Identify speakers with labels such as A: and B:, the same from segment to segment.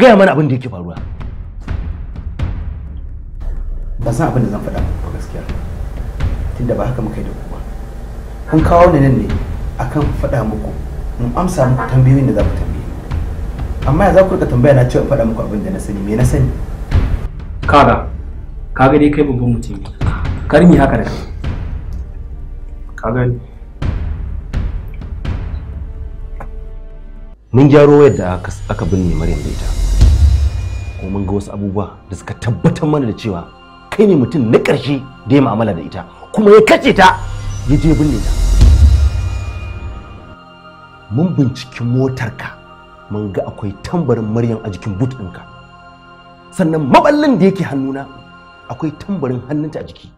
A: gaya mana abin da yake faruwa
B: ba san abin da zan faɗa ba gaskiya tunda ba haka muka yi da ku ba kun kawo ni nan ne akan faɗa muku in amsa muku tambayoyin da za ku tambaye amma ya za ku rika tambaya na cewa faɗa muku abin da na sani me na sani ka ga dai kai babban mutum ne karmi haka da kai ka gani mun gyaro yadda aka binne maryam da ita kuma mun ga wasu abubuwa da suka tabbatar mana da cewa kai ne mutum na ƙarshe da ya ma'amala da ita kuma ya kace ta ya je binne ta mun binciki motarka mun ga akwai tambarin maryam a jikin but ɗinka sannan maballin da
A: yake hannuna akwai tambarin hannunta a jiki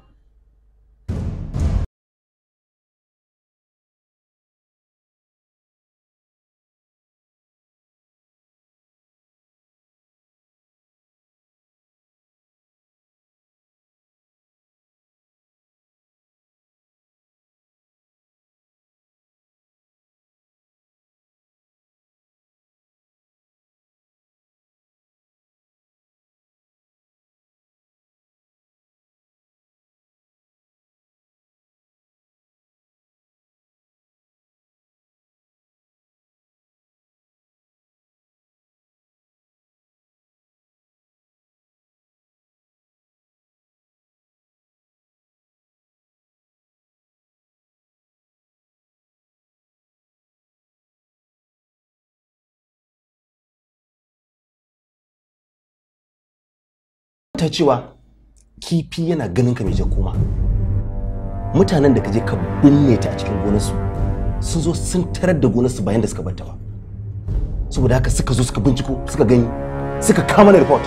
A: manta cewa kifi yana ganin ka mai kuma mutanen da ka je
B: ka binne ta a cikin gonarsu sun zo sun tarar da gonarsu bayan da suka banta ba saboda haka suka zo suka binciko suka gani suka kama na report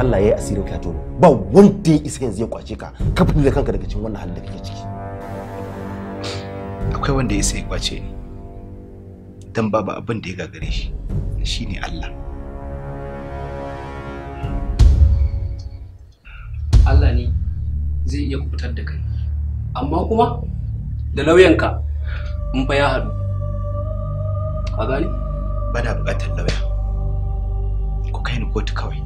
B: Allah ya yi asirin ka tono ba wanda ya isa yanzu ya kwace ka ka fita da kanka daga cikin wannan halin da kake ciki akwai wanda ya isa ya kwace ni dan babu abin da ya gagare shi shine Allah Allah ne zai iya kubutar da kai amma kuma da lauyanka in fa ya haɗu ka gane bana buƙatar lauya ku kai ni kotu kawai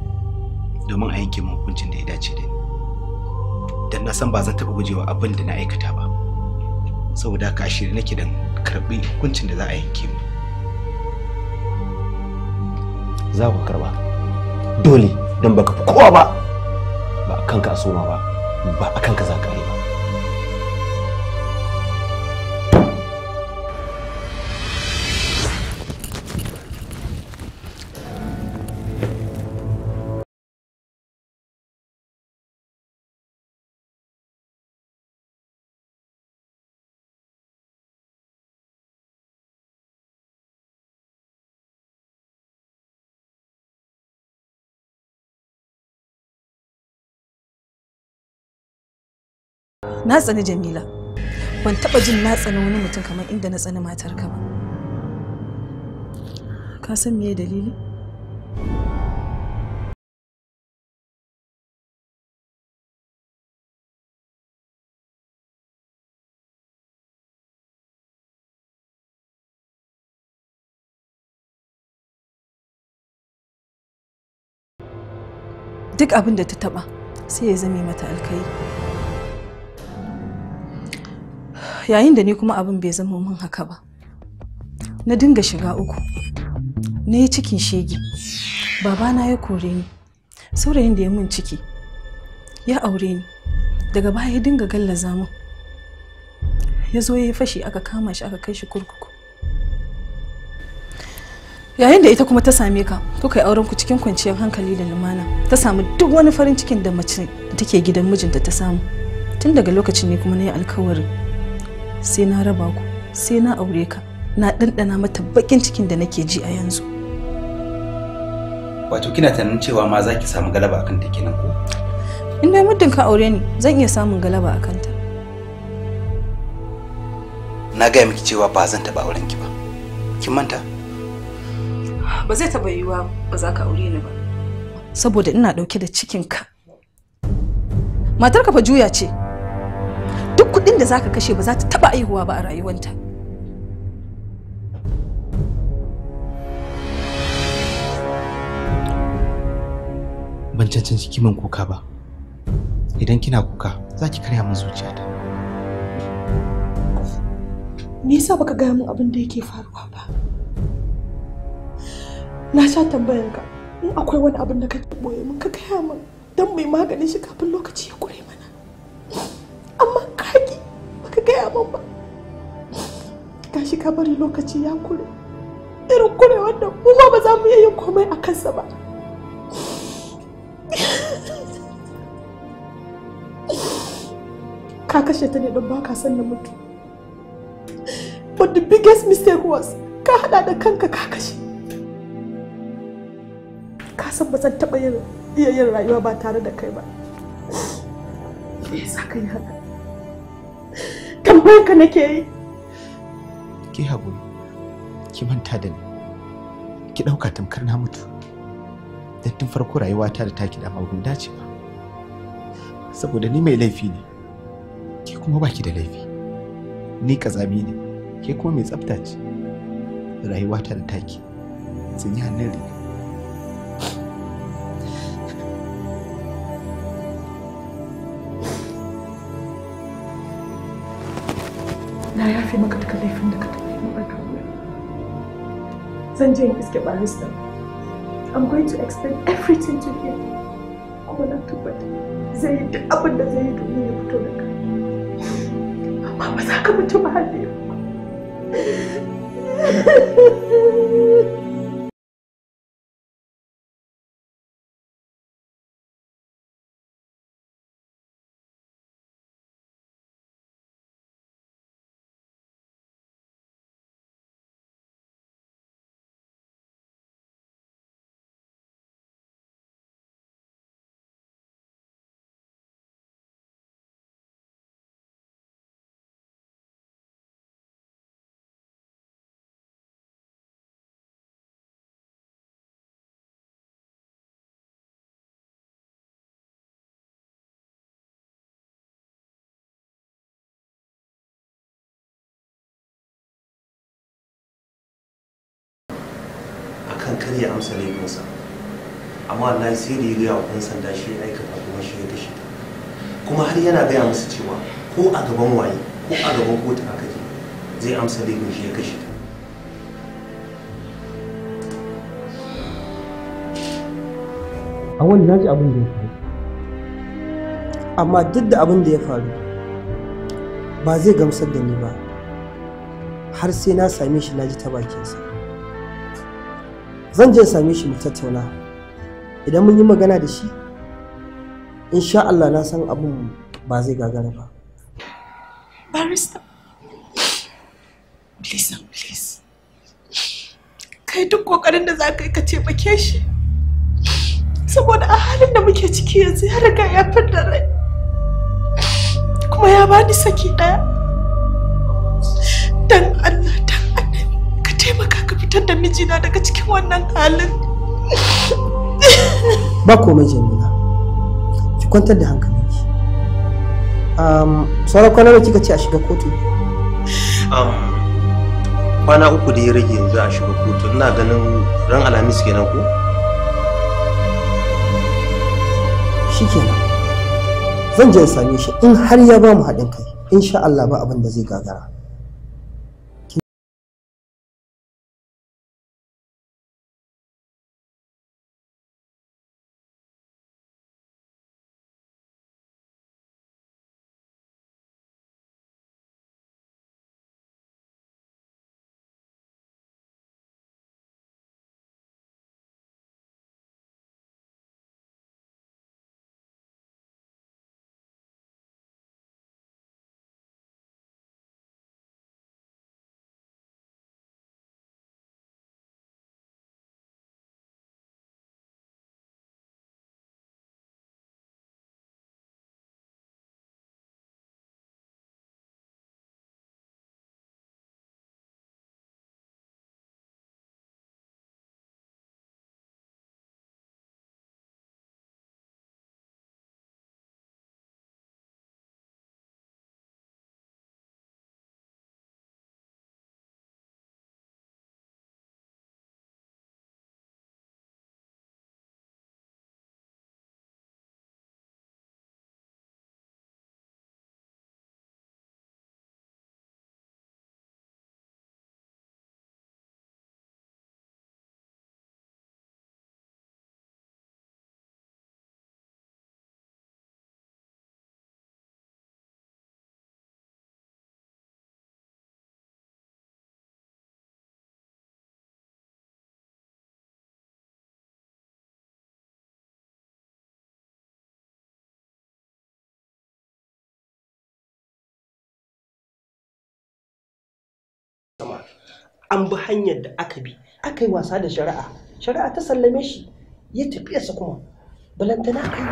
B: domin a yanke min hukuncin da ya dace da ni dan na san ba zan taɓa gujewa abin da na aikata ba saboda ka shirye nake dan karɓi hukuncin da za a yanke mu za ku karɓa dole don baka fi kowa ba kanka a soma ba ba a kanka za ka yi ba
A: na tsani jamila ban taba jin na tsani wani mutum kamar inda na tsani matarka ba ka san me dalili duk abin da ta taba sai ya zame mata alkai
C: yayin da ni kuma abin bai zama mun haka ba na dinga shiga uku na yi cikin shege babana ya kore ni saurayin da ya mun ciki ya aure ni daga baya ya dinga gallaza zamu ya zo ya yi fashi aka kama shi aka kai shi kurkuku yayin da ita kuma ta same ka kuka yi auren ku cikin kwanciyar hankali da lumana ta samu duk wani farin cikin da mace take gidan mijinta ta samu tun daga lokacin ne kuma na yi alkawarin sai na raba ku sai na aure ka na ɗanɗana mata baƙin cikin da nake ji a yanzu
B: wato kina tunanin cewa ma za ki samu galaba akan ta kenan ko
C: in dai muddin ka aure ni zan iya samun galaba akan ta
B: na gaya miki cewa ba zan taɓa auren ki ba kin manta
C: ba zai taɓa yiwuwa ba za ka aure ni ba saboda ina ɗauke da cikinka matarka fa juya ce kuɗin da zaka kashe ba za ta taba aihuwa ba a rayuwanta
B: ban cancanci kiman kuka ba idan kina kuka za ki karya min zuciyata
C: me yasa baka gaya min abin da yake faruwa ba na sha tambayanka in akwai wani abin da kake boye min ka gaya min don mai maganin shi kafin lokaci ya kure mani. gaya min ba gashi ka bari lokaci ya kure irin kure wanda kuma ba za mu iya yin komai a kansa ba ka kashe ta ne don ba ka san na mutu but the biggest mistake was ka hada da kanka ka kashe ka san ba zan taɓa iya yin rayuwa ba tare da kai ba me yasa ka yi haka tambayar ka nake yi
B: ki haƙuri ki manta da ni ki ɗauka tamkar na mutu da tun farko rayuwata da taki da magun dace ba saboda ni mai laifi ne ke kuma baki da laifi ni kazami ne ke kuma mai tsafta ce rayuwata da taki sun yi hannun riga
C: rufe maka duka laifin da ka taɓa yi maka zan je in iske barista I'm going to explain everything to him kuma na tabbata zai yi duk abin da zai yi domin ya fito da kai amma ba
A: za ka mutu ba ba. kan kare ya amsa laifinsa amma wallahi sai da ya gaya wa ɗan sanda shi ya
D: aikata kuma shi ya kashe ta kuma har yana gaya musu cewa ko a gaban waye ko a gaban kotu aka je zai amsa laifin shi ya kashe ta
B: a wani na ji abin da ya faru amma duk da abin da ya faru ba zai gamsar da ni ba har sai na same shi na ji ta bakinsa zan je same shi mu tattauna idan mun yi magana da shi
D: insha Allah na san abin ba zai gagara ba
A: barista
C: please please kai duk kokarin da za ka yi ka taimake shi saboda a halin da muke ciki yanzu ya riga ya fidda rai kuma ya bani saki daya dan Allah fitar da mijina daga cikin wannan halin ba komai jamila ki kwantar da hankalinki um, sauran kwana da kika ce a shiga kotu
D: um, kwana uku da ya rage yanzu a shiga kotu ina ganin ran alhamis kenan ko
A: kenan zan je in same shi in har ya ba mu haɗin kai insha Allah ba abin da zai gagara an bi hanyar da aka bi aka yi wasa da shari'a shari'a ta sallame shi ya tafi kuma balantana kai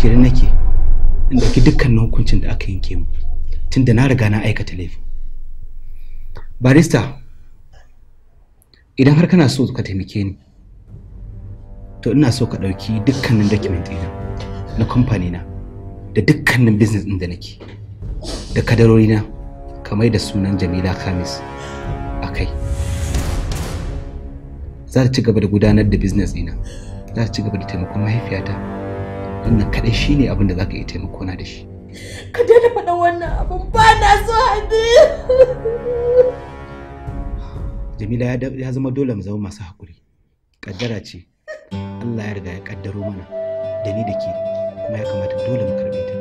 A: shirye nake in ɗauki dukkanin hukuncin da aka yanke mu
B: tunda na riga na aikata laifi. barista idan har kana so ka taimake ni to ina so ka ɗauki dukkanin document ɗina na kamfani na da dukkanin business ɗin da nake da kadarori na kamar da sunan jamila kamis a kai za ta ci gaba da gudanar da business ɗina za ta ci gaba da taimakon mahaifiyata wannan kaɗai shi ne abin da za ka yi taimako na da shi
C: ka daina faɗa wannan abin ba na so hadi
B: jamila ya zama dole mu zama masu haƙuri ƙaddara ce allah ya riga ya ƙaddaro mana da ni da ke kuma ya kamata dole mu karɓe ta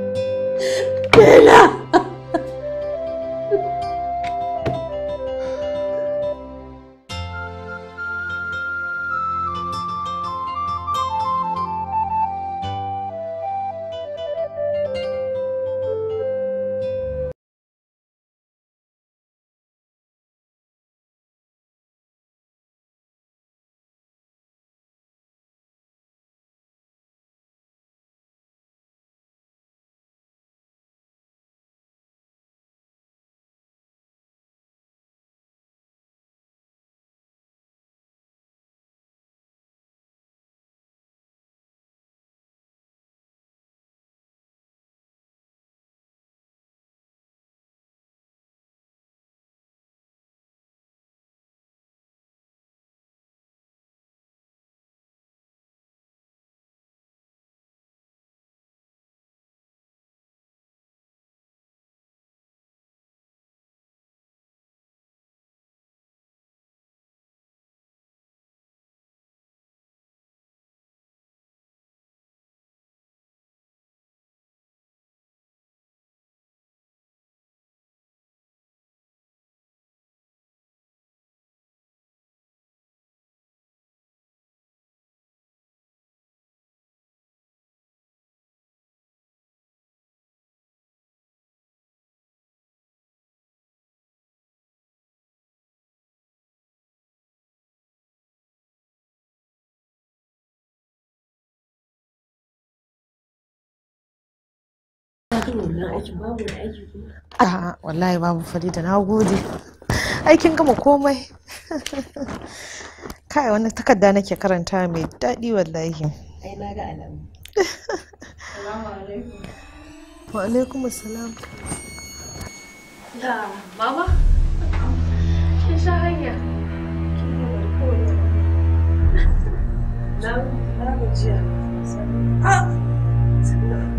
B: Bella!
A: A'a ah, wallahi babu Farida na gode. Aikin gama komai.
C: Kai wani takarda nake karanta mai daɗi wallahi. Ai Wa alaikum assalam. Ya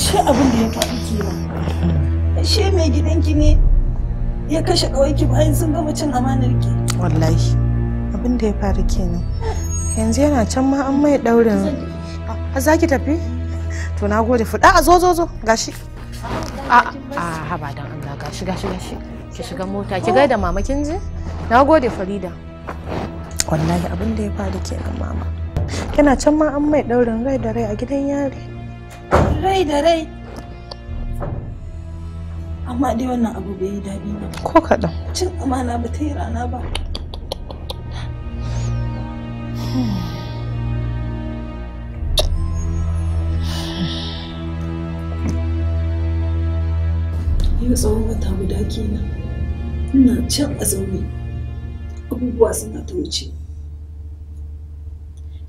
C: ashe abin da ya faɗi ke
A: ba
C: ashe mai gidanki ne ya kashe ƙawaiki bayan sun gama cin amanar ki wallahi abin da ya faru kenan yanzu yana can ma an mai daurin za ki tafi to na gode fuda a zo zo zo gashi a a haba dan Allah gashi gashi gashi ki shiga mota ki gaida mama kin ji na gode farida wallahi abin da ya faru kenan mama yana can ma an mai daurin rai da rai a gidan yari rai da rai amma dai wannan abu bai yi daɗi ba ko kaɗan cin amana ba ta yi rana ba yau tsawon wata guda kenan ina can a zaune abubuwa suna ta wuce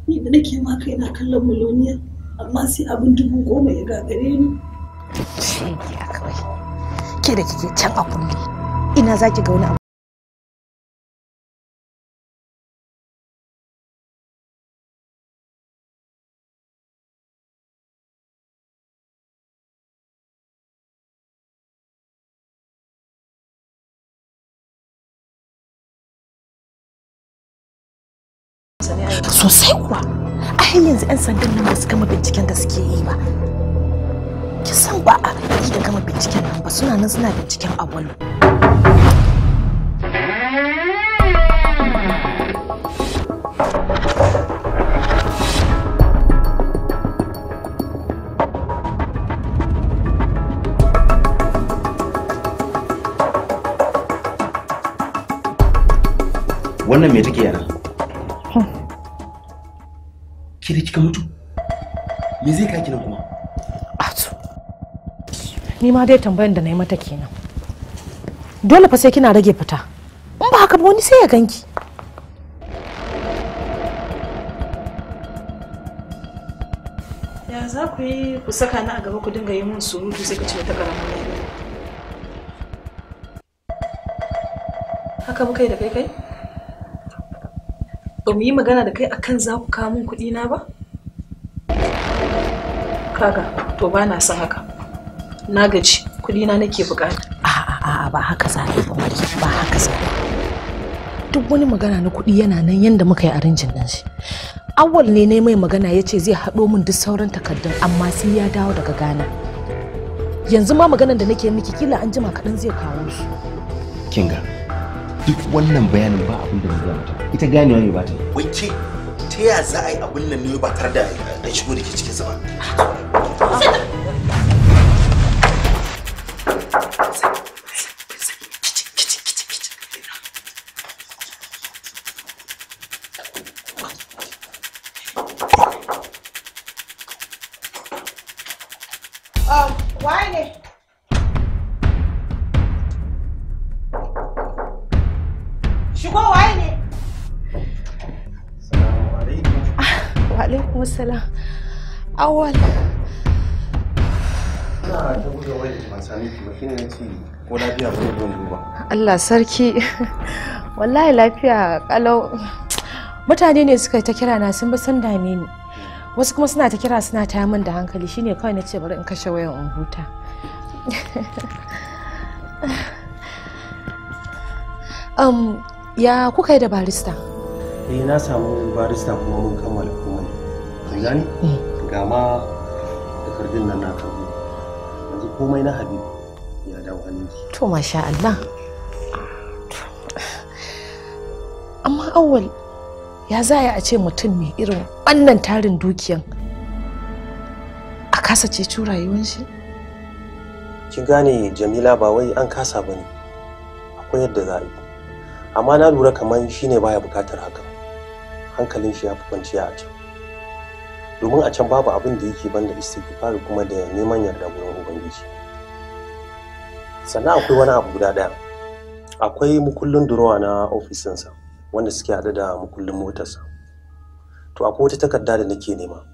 C: ni da nake ma kaina kallon miloniya amma sai abin dubu goma ya gagare ni
A: ya kawai ke da kike can a kulle ina za ki ga wani abu sosai kuwa har yanzu 'yan sandan nan ba su gama binciken da suke yi ba ki san ba a yi da gama
C: binciken nan ba suna nan suna binciken abuwa
B: wannan me take yana kika mutu me zai kaki nan kuma ato
C: ni ma dai tambayan da na yi mata kenan dole fa sai kina rage fita in ba haka ba wani sai ya ganki ya za ku yi ku saka ni a gaba ku dinga yi mun surutu sai ka ce ta karamin haka muka yi da kai kai ba mu yi magana da kai akan za ku kawo mun kuɗi na ba kaga to ba na son haka na gaji kudi na nake bukata a ba haka zai ba ba haka zai duk wani magana na kuɗi yana nan yanda muka yi arinjin nan shi awal ne ne mai magana ya ce zai haɗo min duk sauran takardun amma sai ya dawo daga gana yanzu ma maganar da nake miki kila an jima kaɗan zai kawo su
B: kinga duk wannan bayanin ba abin da na zama ita gane wani ba ta yi wai ce ta ya za a yi abin nan ne ba tare da an shigo da ke cikin zama.
C: salam awal Allah sarki wallahi lafiya kalau mutane ne suka ta kira na sun ba san dame ni wasu kuma suna ta kira suna ta min da hankali shine kawai na ce bari in kashe wayan in huta um, ya kuka yi da barista
D: eh na samu barista kuma mun kammala ka gani eh. ga ma takardun nan na kawo yanzu komai na habib ya dawo hannunki
C: to masha Allah amma awwal ya zaya a ce mutum mai irin wannan tarin dukiyan a kasa ceto rayuwar shi kin
D: gane jamila ba wai an kasa ba ne akwai yadda za a yi amma na lura kamar shi ne baya bukatar haka hankalin shi ya fi kwanciya a can domin a can babu abin da yake banda istighfar kuma da neman yarda gurin ubangiji sannan akwai wani abu guda ɗaya akwai mukullin durowa na ofisinsa wanda suke haɗu da mukullin motarsa to akwai wata takarda da nake nema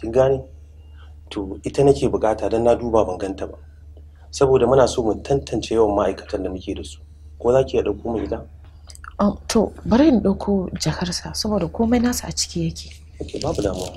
D: kin gane to ita nake bukata don na duba ban ganta ba saboda muna so mu tantance yawan ma'aikatan da muke da su ko za ki iya ɗauko mu gida?
C: Um, to bari in ɗauko jakarsa saboda komai nasa a ciki yake
D: 举报不了我。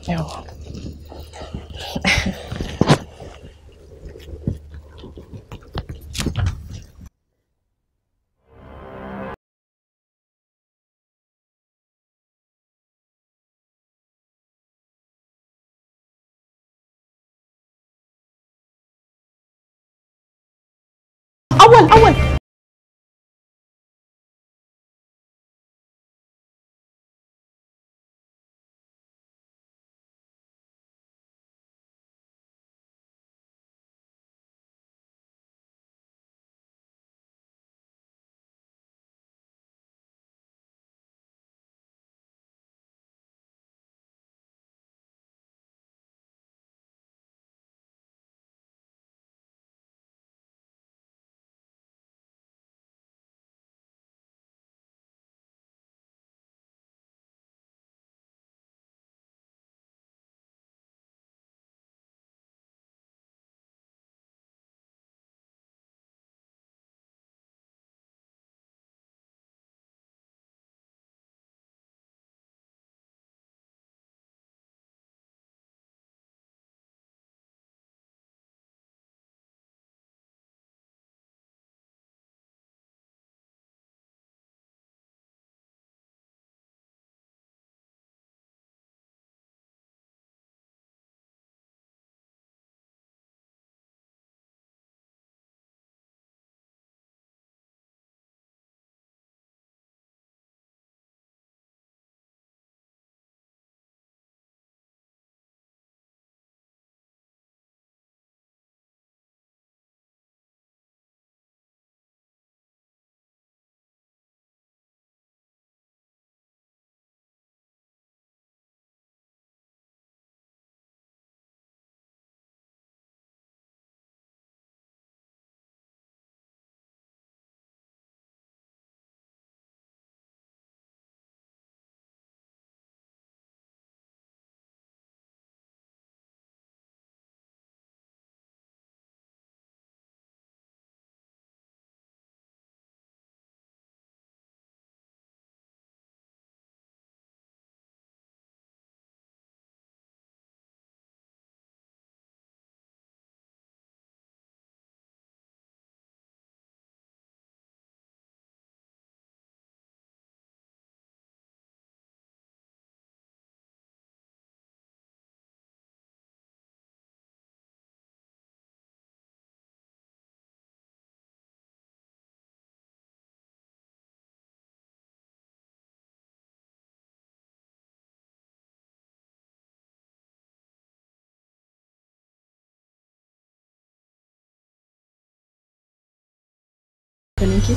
A: kaninki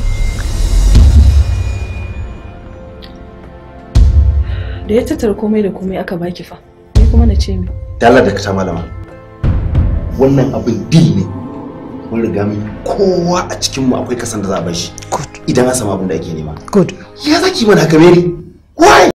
C: da ya tattara komai da komai aka baki fa ni kuma na ce mi
B: dala da ta malama wannan abin din ne
A: mun riga mun kowa a cikin mu akwai kasan da za a bar shi idan an samu abin da ake nema good ya zaki mana haka mary why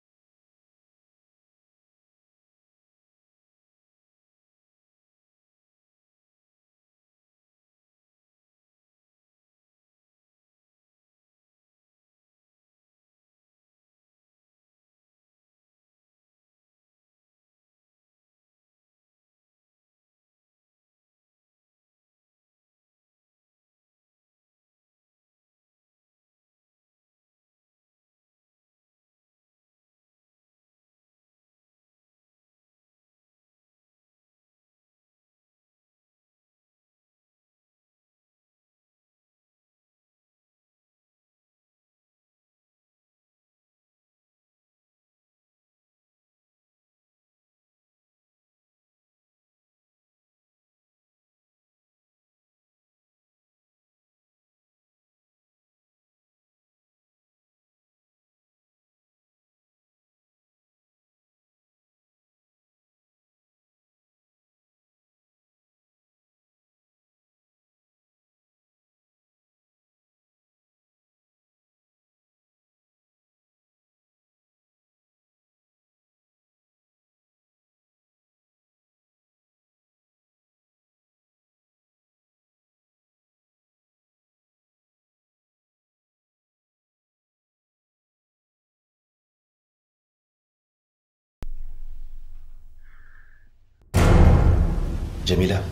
A: jamila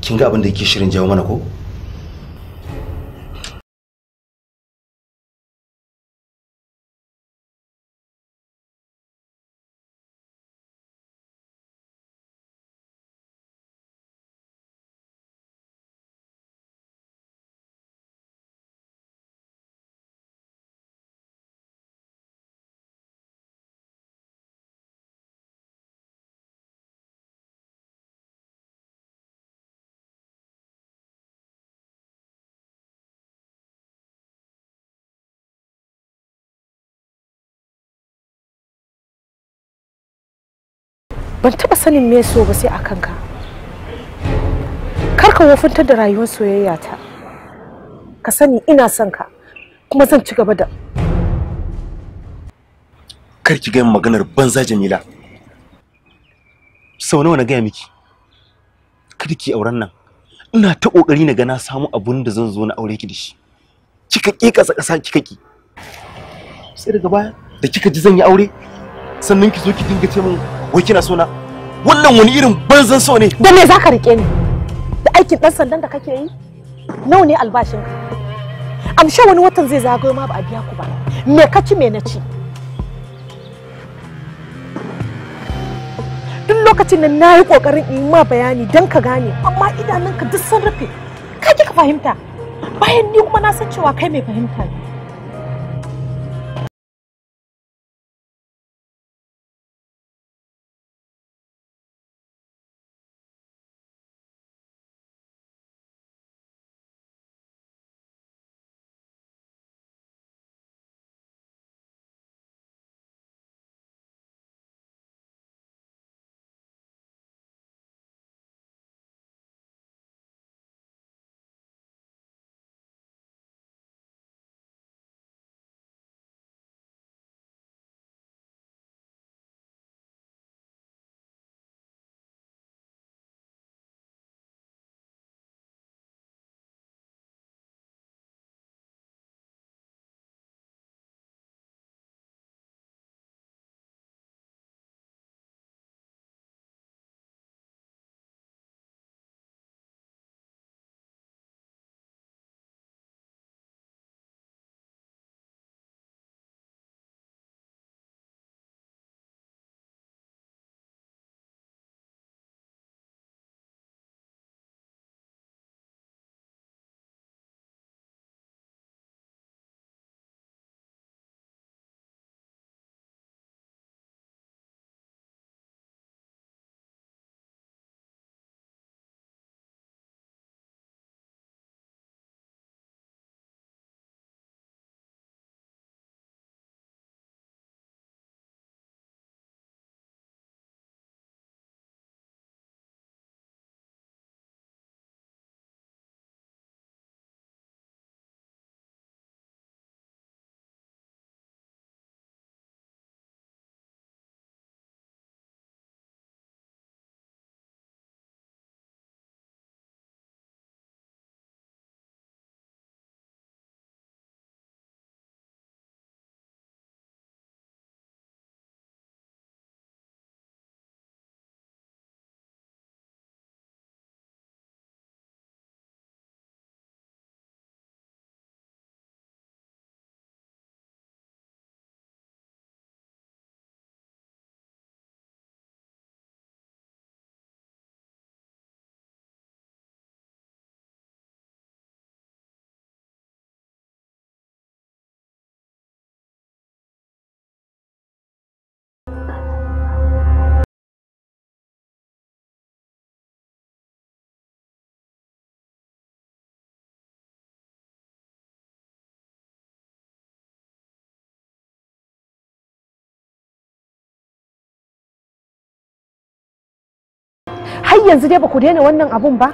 A: kin ga abin da yake shirin jawo mana ko ban taba sanin me so ba sai a kanka kar ka
C: wofintar da rayuwar soyayya ta ka sani ina son ka kuma zan ci gaba da
B: kar ki ga maganar banza Jamila sau nawa na gaya miki kada ki auren nan ina ta kokari na ga na samu abun da zan zo na aure ki da shi kika ƙi, kasa kasa kika ƙi. sai daga baya da kika ji zan yi aure sannan ki zo ki dinga ce min wai kina so wannan wani irin banzan so ne
C: da me zaka rike ni da aikin dan sandan da kake yi nawa ne albashin ka amsha wani watan zai zagayo ma ba a biya ku ba me kaci ci me na ci duk lokacin nan na yi kokarin in ma bayani dan ka gane amma idanunka duk sun
A: rufe ka ka fahimta bayan ni kuma na san cewa kai mai fahimta ne har yanzu dai ba ku daina wannan abun ba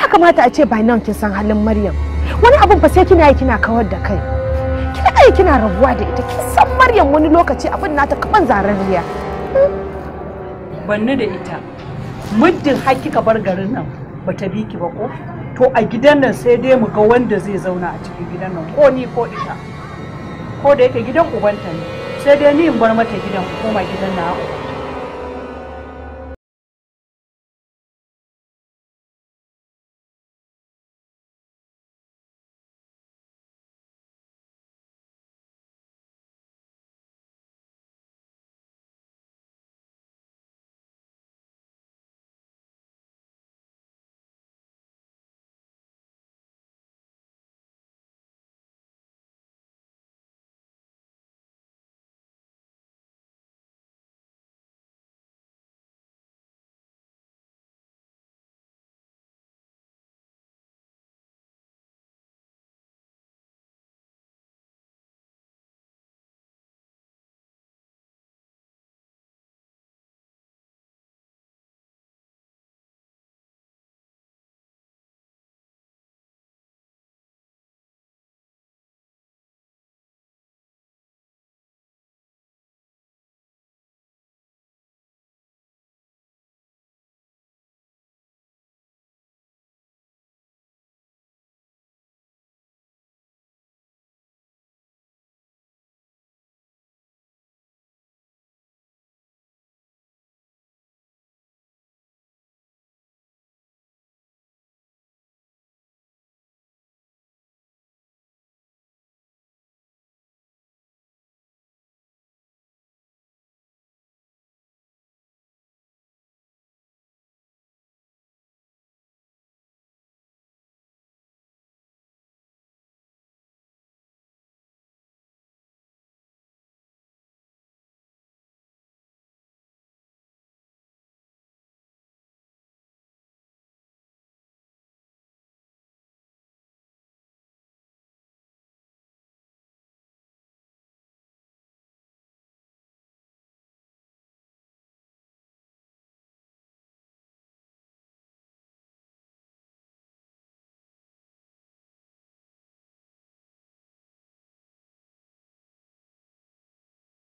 C: ya kamata a ce by now kin san halin maryam wani abun fa sai kina yi kina kawar da kai kina kai kina rabuwa da ita kin san maryam wani lokaci abin nata kaman zaren riya banni da ita muddin har kika bar garin nan ba bi ki ba ko to a gidan nan sai dai mu ga wanda zai zauna a cikin gidan nan ko ni ko
A: ita ko da yake gidan ubanta ne sai dai ni in bar mata gidan koma gidan na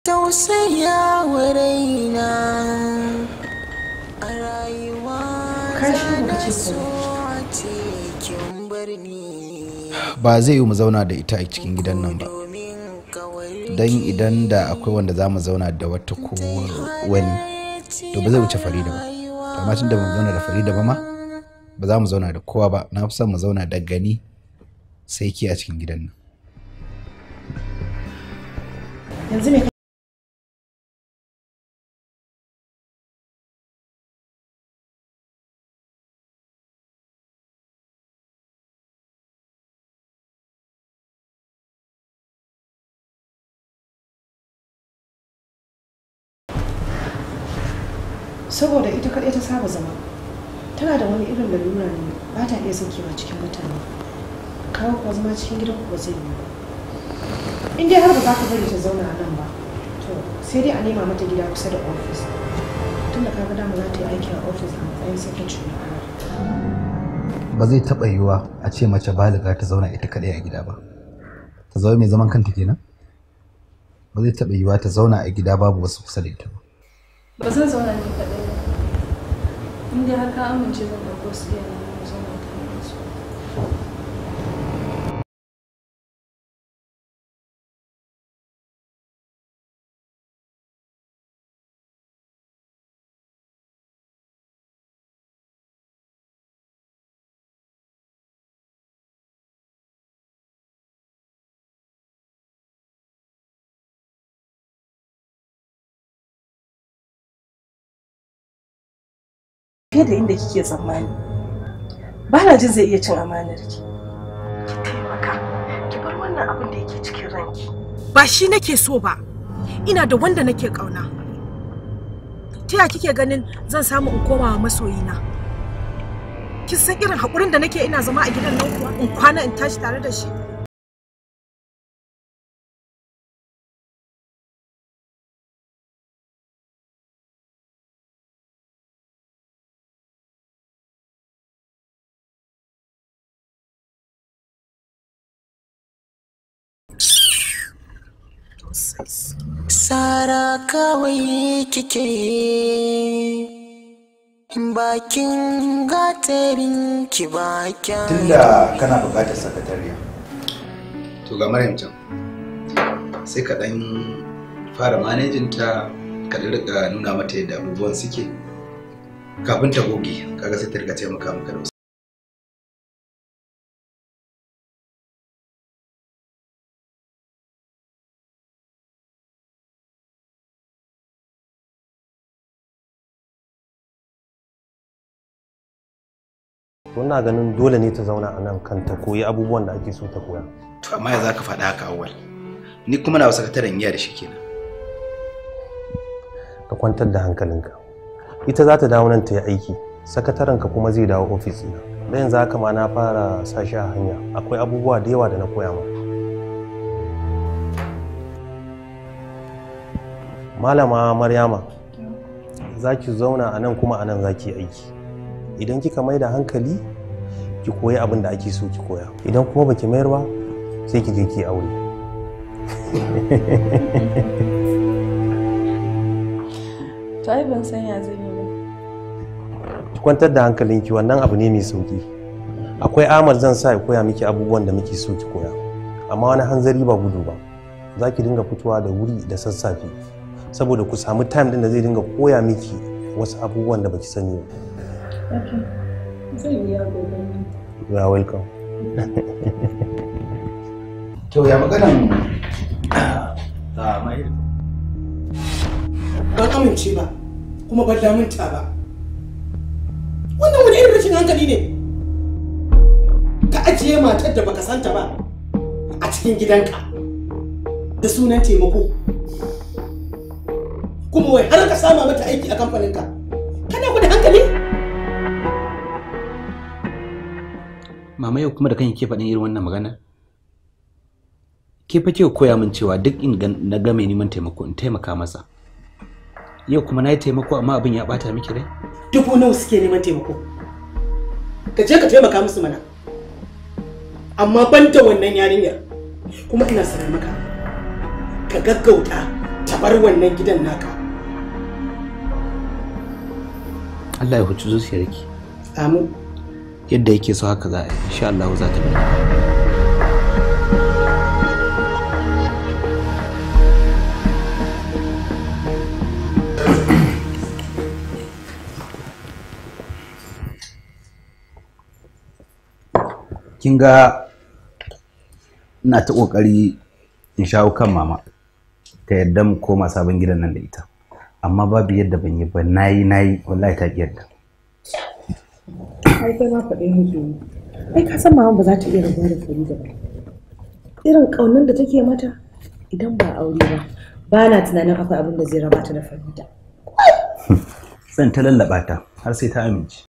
A: ba
B: zai yi mu zauna da ita a cikin gidan nan ba don idan da akwai wanda za mu zauna da wata ko wani to ba zai wuce farida ba amma tun da mu zauna da farida ba ma ba za mu zauna da kowa ba na fi son mu zauna da gani sai ke a cikin gidan nan
A: yanzu saboda ita kaɗai ta saba zama tana da wani irin lalura ne
C: ba ta iya saukewa cikin mutane kawo kuwa zama cikin gidan ku ba zai yi ba in dai har ba za ka bari ta zauna a nan ba to sai dai a nema mata gida kusa da ofis tunda ka ga dama za ta yi aiki a ofis a matsayin sakacin
B: ba zai taɓa yiwuwa a ce mace baliga ta zauna ita kaɗai a gida ba ta zama mai zaman kanta kenan ba zai taɓa yiwuwa ta zauna a gida babu wasu kusa da ita ba
A: ba zan zauna ni kaɗai in dai haka amince zan ɗauko su iya eh, na zo na tare su fiye da inda kike tsammani ba na jin zai iya cin amanar ki ki taimaka ki bar wannan abin da yake
C: cikin ranki ba shi nake so ba ina da wanda nake kauna ta ya kike ganin zan samu in koma wa masoyina kin san
A: irin haƙurin da nake ina zama a gidan nan kuwa in kwana in tashi tare da shi Sara kawai kike
C: bakin gatarin ki
A: bakin.
C: Tunda
B: kana buƙatar sakatariya. To ga Maryam can. Sai ka ɗan fara managing ta ka rika
A: nuna mata yadda abubuwan suke kafin ta goge kaga sai ta rika taimaka maka da ina ganin dole ne ta zauna a nan kan ta koyi abubuwan da ake so ta koya to amma ya za ka faɗa haka
D: awwal
B: ni kuma na sakataren tarin da shi kenan
D: ka kwantar da hankalinka ita za ta dawo nan ta yi aiki sakataren ka kuma zai dawo ofis ɗina da yanzu haka ma na fara sashi a hanya akwai abubuwa da yawa da na koya ma malama maryama za ki zauna a nan kuma a nan za ki aiki idan kika mai da hankali ki koyi abin da ake so ki koya idan kuma baki mayar ba sai ki je ki aure
C: to ai ban san ya zai yi ba
D: ki kwantar da hankalinki wannan abu ne mai sauki akwai amal zan sa ya koya miki abubuwan da muke so ki koya amma wani hanzari ba gudu ba za ki dinga fitowa da wuri da sassafe saboda ku samu time din da zai dinga koya miki wasu abubuwan da baki sani ba.
C: Zan yi gobe.
D: You are welcome.
B: To ya maganan Ban ah, amince ba, kuma ban damunta wani irin rashin hankali ne. Ka ajiye matar da baka santa ba a cikin gidanka da sunan taimako. Kuma wai har ka sama
C: mata aiki a kamfaninka. Kana
B: mama yau kuma da kan ke faɗin irin wannan magana ke fa ke koya min cewa duk in na ga mai neman taimako in taimaka masa yau kuma na taimako amma abin ya bata miki rai dubu nawa ke neman taimako ka je ka taimaka musu mana amma ban da wannan yarinyar kuma ina sanar maka ka gaggauta ta bar wannan gidan naka Allah ya huci zuciyarki amin yadda yake so haka za a yi insha Allah za ta nuna kin ga ina ta kokari in shawo kan mama ta yadda mu koma sabon gidan nan da ita amma babu yadda ban yi ba nayi nayi wallahi ta yadda
A: Ai kai ma faɗi
C: nake yi. Ai ka san mama ba za ta iya rabuwa da Farida ba. Irin ƙaunar da take mata idan ba aure ba. Ba na tunanin akwai abin da zai raba ta da Farida.
A: Zan ta lallaɓa ta har sai ta amince.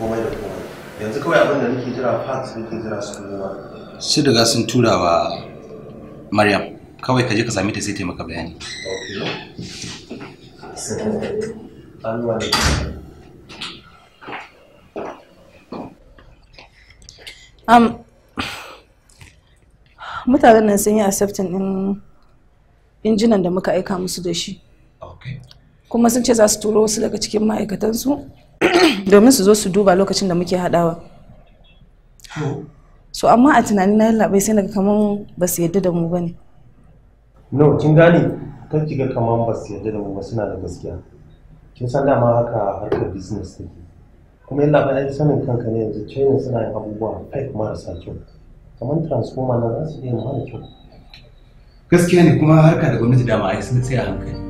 A: komai da komai yanzu kawai abin da nake jira fax nake jira su nuna su daga sun tura wa
B: maryam kawai ka je ka same ta sai ta maka bayani
C: um, mutanen nan sun yi accepting din injinan da muka aika musu da shi kuma sun ce za su turo wasu daga cikin ma'aikatansu domin su zo su duba lokacin da muke haɗawa so amma a tunanin na labai sai daga kaman ba su yadda da mu ba ne
D: no kin gane kan kiga kaman ba su yadda da mu ba suna da gaskiya kin san dama haka harkar business ne. kuma yin labai ai sanin kanka ne yanzu china suna yin abubuwa fake marasa kyau kamar transformer na za su iya mana kyau gaskiya ne kuma harka da gwamnati dama ai sun tsaya hankali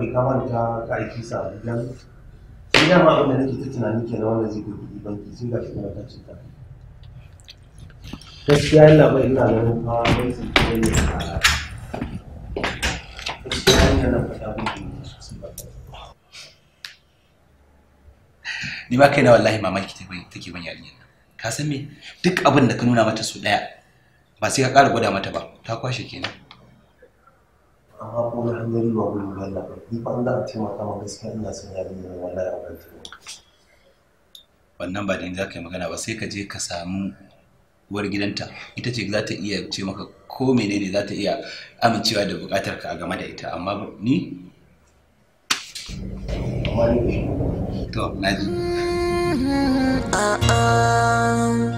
D: bai kamanta ka aiki sa abuja ne ni dama abin da nake ta tunani kenan wannan zai gobe banki sai ga shi kuma ta cika gaskiya yana bai ina ganin fa mai sun ce ne a gaskiya ina nan faɗa muku
B: ni ba kai na wallahi mamaki take ban yarinyar nan ka san me duk abin da ka nuna mata su daya ba sai ka ƙara gwada mata ba ta kwashe kenan
D: amma ko na hanzari ba gudu ba na ni fa an za a taimaka ma gaskiya ina son yarinya ne wallahi a kan
B: wannan ba da ni za ka yi magana ba sai ka je ka samu uwar gidanta ita ce za ta iya ce maka ko menene za ta iya amincewa da bukatar ka a game da ita amma ni to na
C: mm-hmm. uh-uh.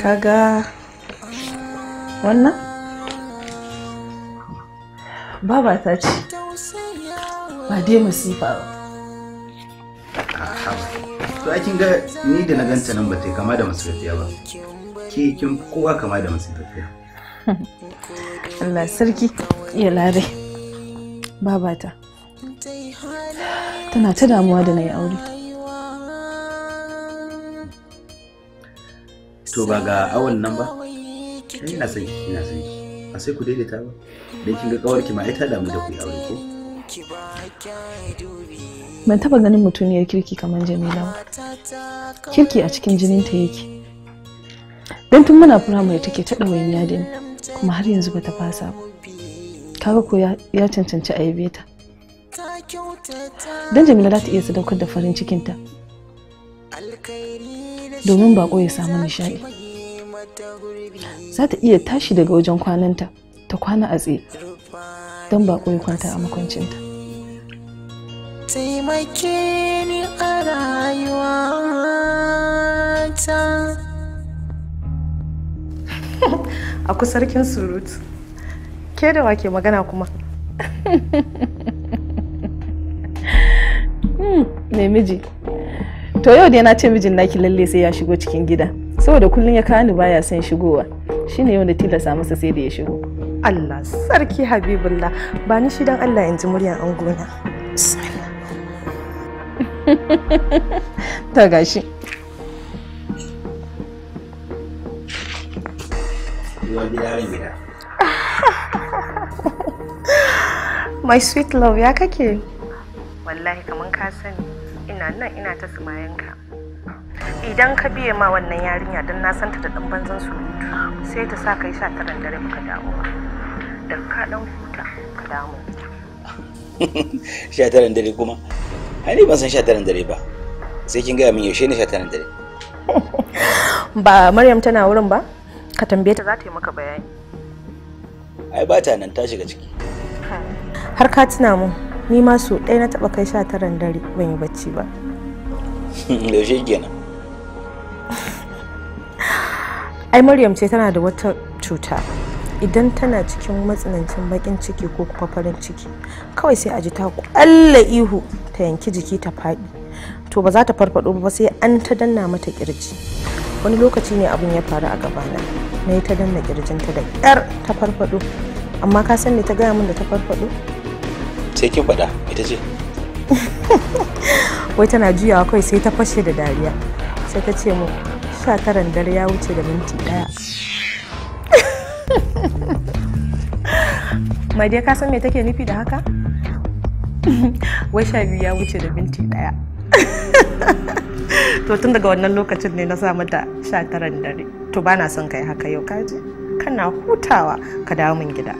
C: kaga wannan baba ta ce ba dai masifa ba
B: to a kin ga ni da na ganta nan ba ta kama da masifafiya ba ke kin kowa kama da masifafiya
C: Allah sarki ya lare babata tana ta damuwa da na yi aure
B: to ba ga awon nan ba ina son ki ina son ki a sai ku daidaita ba dan kin ga kawar ki ma ai ta damu da
C: ku aure ko ban taba ganin mutuniyar kirki kamar Jamila ba kirki a cikin jinin ta yake dan tun muna firamare take ta dawayin yadin kuma har yanzu ba ta fasa ba kaga ko ya cancanci a yabe ta dan Jamila za ta iya sadaukar da farin cikinta domin bako ya samu nishaɗi za ta iya tashi daga wajen kwananta ta kwana a tsaye don ba ya kwanta a makwancinta taimake ni a rayuwata a kusarkin surutu ke da wake magana kuma mai hmm, miji to yau dai na ce mijin naki lalle sai ya shigo cikin gida saboda kullum ya kani baya son shigowa shine yau na tilasa masa sai da ya shigo Allah sarki habibullah ba ni shi dan Allah in ji muryar gona ta gashi My sweet love ya kake? Wallahi kaman ka sani ina nan ina ta sumayenka. idan ka biye ma wannan yarinya don na santa da dan banzan surutu sai ta sa kai sha taran dare baka dawo ba da ka dan huta ka damu
B: sha taran dare kuma ai ni ban san sha taran dare ba sai kin gaya min yaushe ne sha taran dare
C: ba maryam tana wurin ba ka tambaye ta za
B: ta yi maka bayani ai ba ta nan ta shiga ciki
C: har ka tuna mu ni ma so ɗaya na taɓa kai sha taran dare ban yi bacci ba
B: yaushe kenan
C: ai maryam ce tana da wata cuta idan tana cikin matsanancin bakin ciki ko kuma farin ciki kawai sai a ji ta kwalla ihu ta yanki jiki ta faɗi to ba za ta farfado ba sai an ta danna mata kirji wani lokaci ne abun ya faru a gabana na yi ta danna kirjinta da ƙyar ta farfado amma ka san ne ta gaya min da ta farfado
B: sai kin faɗa ita ce
C: wai tana juyawa kawai sai ta fashe da dariya sai ta ce mu sa karan dare ya wuce da minti ɗaya. Mai dai ka san me take nufi da haka? Wai sha biyu ya wuce da minti daya to tun daga wannan lokacin ne na sa mata sha taran dare. To bana son kai haka yau kaji. Kana hutawa ka dawo min gida.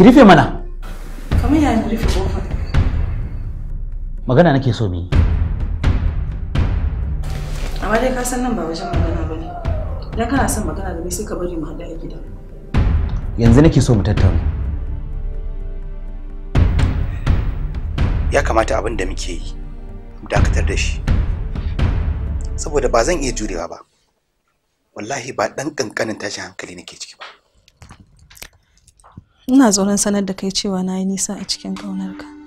A: ki rufe mana kamar ya rufe kofar magana nake so mu yi
C: amma dai ka san nan ba wajen magana bane idan kana son magana da ni sai ka bari mu hada a gida
B: yanzu nake so mu tattauna ya kamata abin da muke yi mu dakatar da shi saboda ba zan iya jurewa ba wallahi ba
A: ɗan ƙanƙanin tashin hankali nake ciki ba
C: ina tsoron sanar da kai
A: cewa na yi nisa a cikin ƙaunarka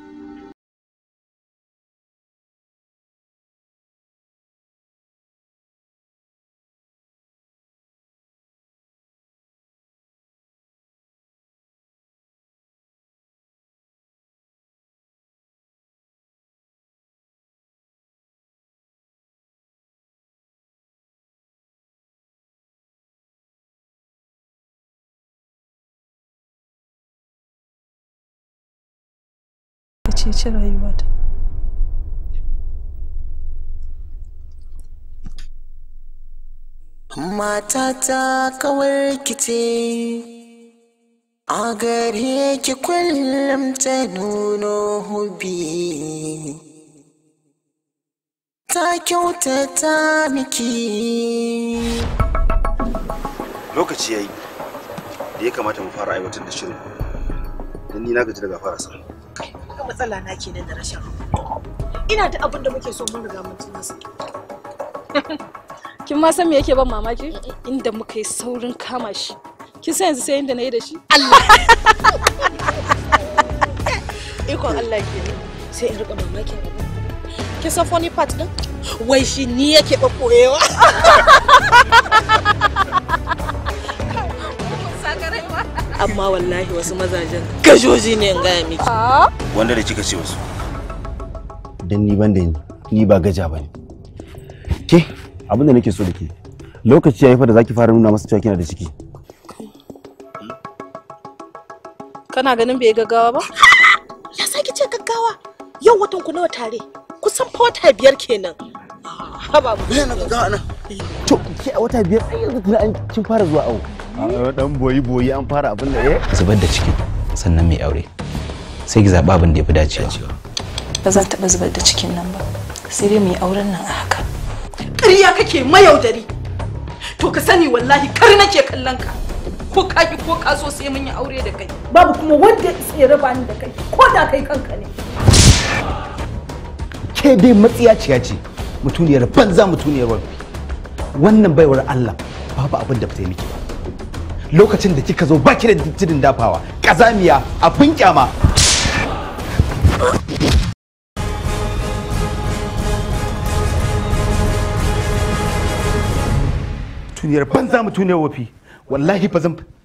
A: ceci rayuwata matata
C: kawar kice a gare ki kullum ta nuno hubi ta kyautata miki
B: lokaci ya yi da ya kamata mu fara aiwatar da shirin ni na gaji daga fara sa
C: Haka matsala na kenan da rashin Ina da abin da muke so mun riga mun tuna su. Kin ma san me yake ban mamaki? Inda muka yi saurin kama shi. Kin san yanzu sai inda na yi da shi? Allah. Ikon Allah ke sai in riga mamakin abin. Kin san funny part din? Wai shi ni yake ba koyewa. amma wallahi wasu mazajen gajoji ne in gaya miki ah. wanda da kika ce wasu
B: dan ni ban da ni ni ba gaja bane ke abin da nake so da ke lokaci yayi fa da zaki fara nuna
D: masa cewa kina da ciki
C: kana ganin bai gaggawa ba Yau watan ku nawa tare? Kusan fa wata biyar kenan. Ah, haba mu. Bai na ga ana.
B: To ke a wata biyar ai yanzu tun an kin fara zuwa awo. Ah, dan boyi boyi an fara abin da eh. Zubar da ciki sannan mai aure. Sai ki zaba abin da yafi dacewa.
C: Ba zan taɓa zubar da cikin nan ba. Sai dai mai auren nan a haka. Ƙarya kake mayaudari. To ka sani wallahi kar nake kallon ka. ko ka ki ko ka so sai mun yi aure da kai babu kuma wanda ya ba ni da kai ko da kai kanka ne ke dai matsiyaciya
B: ce mutuniyar banza mutuniyar wani wannan baiwar Allah babu abin da fita yi miki lokacin da kika zo baki da tudun dafawa kazamiya abin kyama tuniyar banza mutuniyar
A: wafi wallahi ba zan